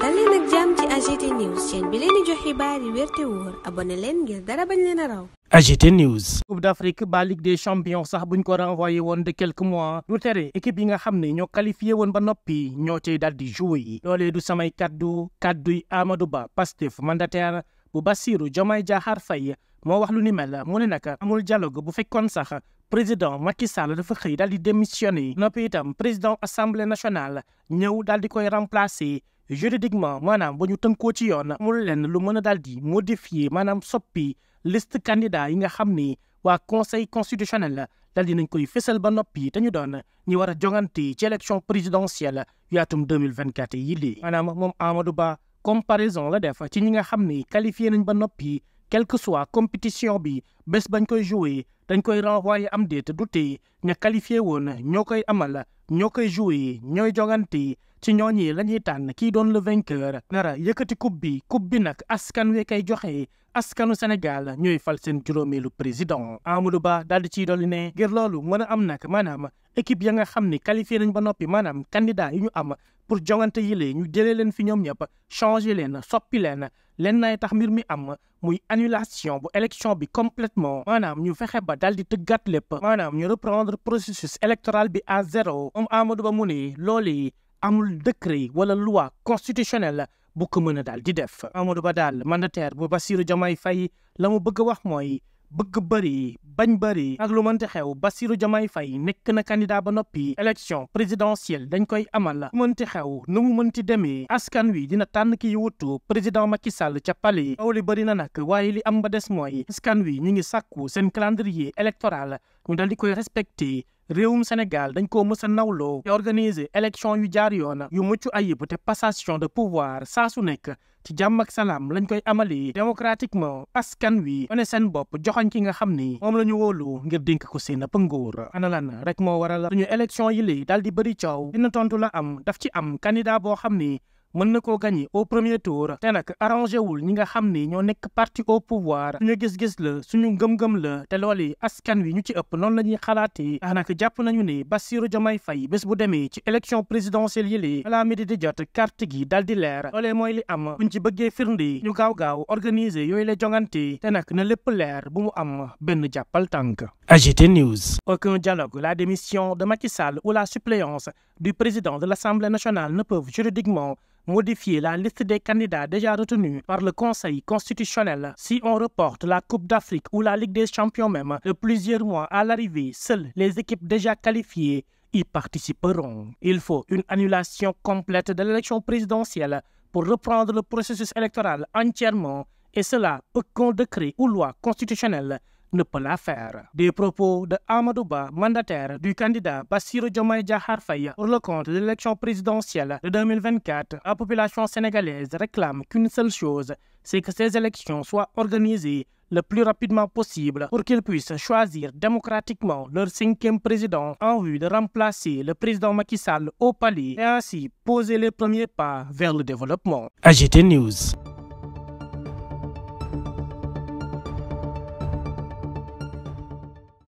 dal leen ak jàmm ci AGT News chaîne bi leen di jox xibaar yi wér te dara bañ leen a raw. AGT News. Coupe d'Afrique ba sax buñ ko renvoyé woon de quelques mois du tere équipe yi nga xam ne ñoo kalifiye woon ba noppi ñoo cay dal di joué yi loolee du samay kaddu kadduy Amadou Ba Pastef mandataire bu Bassirou Diomaye Diakhar fay moo wax lu ni mel mu ne nag amul dialogue bu fekkoon sax. président Macky Sall dafa xëy daal di démissionné noppi itam président assemblée nationale ñëw daal juridiquement maanaam ba ñu tënkoo ci yoon amul lenn lu mën a daal di modifier maanaam soppi liste candidat yi nga xam ni waa conseil constitutionnel la daal di nañ koy fësal ba noppi te ñu doon ñi war a jongante ci élection présidentielle yu atum 2024 yi lii maanaam moom Amadou Ba comparaison la def ci ñi nga xam ni qualifié nañ ba noppi quel que soit compétition bi bés bañ koy jouer dañ koy renvoyer am déet du tee ña qualifié woon ñoo koy amal ñoo koy joué yi ñooy jogante yi ci ñooñi la ñuy tànn kii doon le vainqueur nara yëkkati coupe bi coupe bi nag askan wi koy joxe askanu Sénégal ñooy fal seen juróomeelu président Amadou Ba daal di ciy dolli ne ngir loolu mën am nag maanaam équipe ya nga xam ni qualifié nañ ba noppi maanaam candidat yi ñu am pour jogante yi ñu jëlee leen fi ñoom ñëpp changé leen soppi leen len nay tax mbir mi am muy annulation bu élection bi complètement maanaam ñu fexe ba daal di tëggaat lépp maanaam ñu reprendre processus électoral bi à zéro moom Amadou Ba mu ne loolu yi amul yi wala loi constitutionnelle bu ko mën a daal di def Amadou Ba daal mandataire bu Bassirou Diomaye Faye la mu bëgg a wax mooy bëgg bëri bañ bëri ak lu mënti xew Bassirou Diomaye fay nekk na candidat ba noppi élection présidentielle dañ koy amal la mënti xew nu mu mënti demee askan wii dina tànn kii wutu président Macky Sall ca pali aw li bëri na nag waaye li am ba des mooy askan wii ñu ngi sàkku seen calendrier électoral ñu dal di koy respecté réewum Sénégal dañ koo mës a nawloo te organiser élection yu jaar yoona yu mucc ayib te passation de pouvoir saa su nekk ci jàmm ak salaam lañ koy amali démocratiquement askan wi one seen bopp joxoñ ki nga xam ni moom la ñu wóolu ngir dénk ko seen ab nguur ana lan rek moo waral ñu élection yi li daal di bëri coow dina tontu la am daf ci am candidat boo xam ni mën na koo gagné au premier tour te nag arrangé wul ñi nga xam ni ñoo nekk parti au pouvoir suñu gis gës la suñu ngëm-ngëm la te loolu askan wi ñu ci ëpp noonu la ñuy xalaatee daanaka ah jàpp nañu ne Bassirou Diomaye Faye bés bu demee ci élection présidentielle yi lii balaa di jot carte gi dal di leer loolee mooy li am buñ ci bëggee firnde ñu gaaw gaaw organiser yooyu la jongante te nak na lépp leer bu mu am benn jàppal tànk AGT News aucun dialogue la démission de Macky Sall ou la suppléance du président de l'Assemblée nationale ne peuvent juridiquement modifier la liste des candidats déjà retenus par le Conseil constitutionnel. Si on reporte la Coupe d'Afrique ou la Ligue des champions même de plusieurs mois à l'arrivée, seules les équipes déjà qualifiées y participeront. Il faut une annulation complète de l'élection présidentielle pour reprendre le processus électoral entièrement, et cela, aucun décret ou loi constitutionnelle nëppal affaire des propos de Amadou Ba mandataire du candidat Bassirou Diomaye Diakhar Faye pour le compte de l'élection présidentielle de 2024 la population sénégalaise réclame qu'une seule chose c'est que ces élections soient organisées le plus rapidement possible pour qu'ils puissent choisir démocratiquement leur cinquième président en vue de remplacer le président Macky Sall au palais et ainsi poser les premiers pas vers le développement AGT News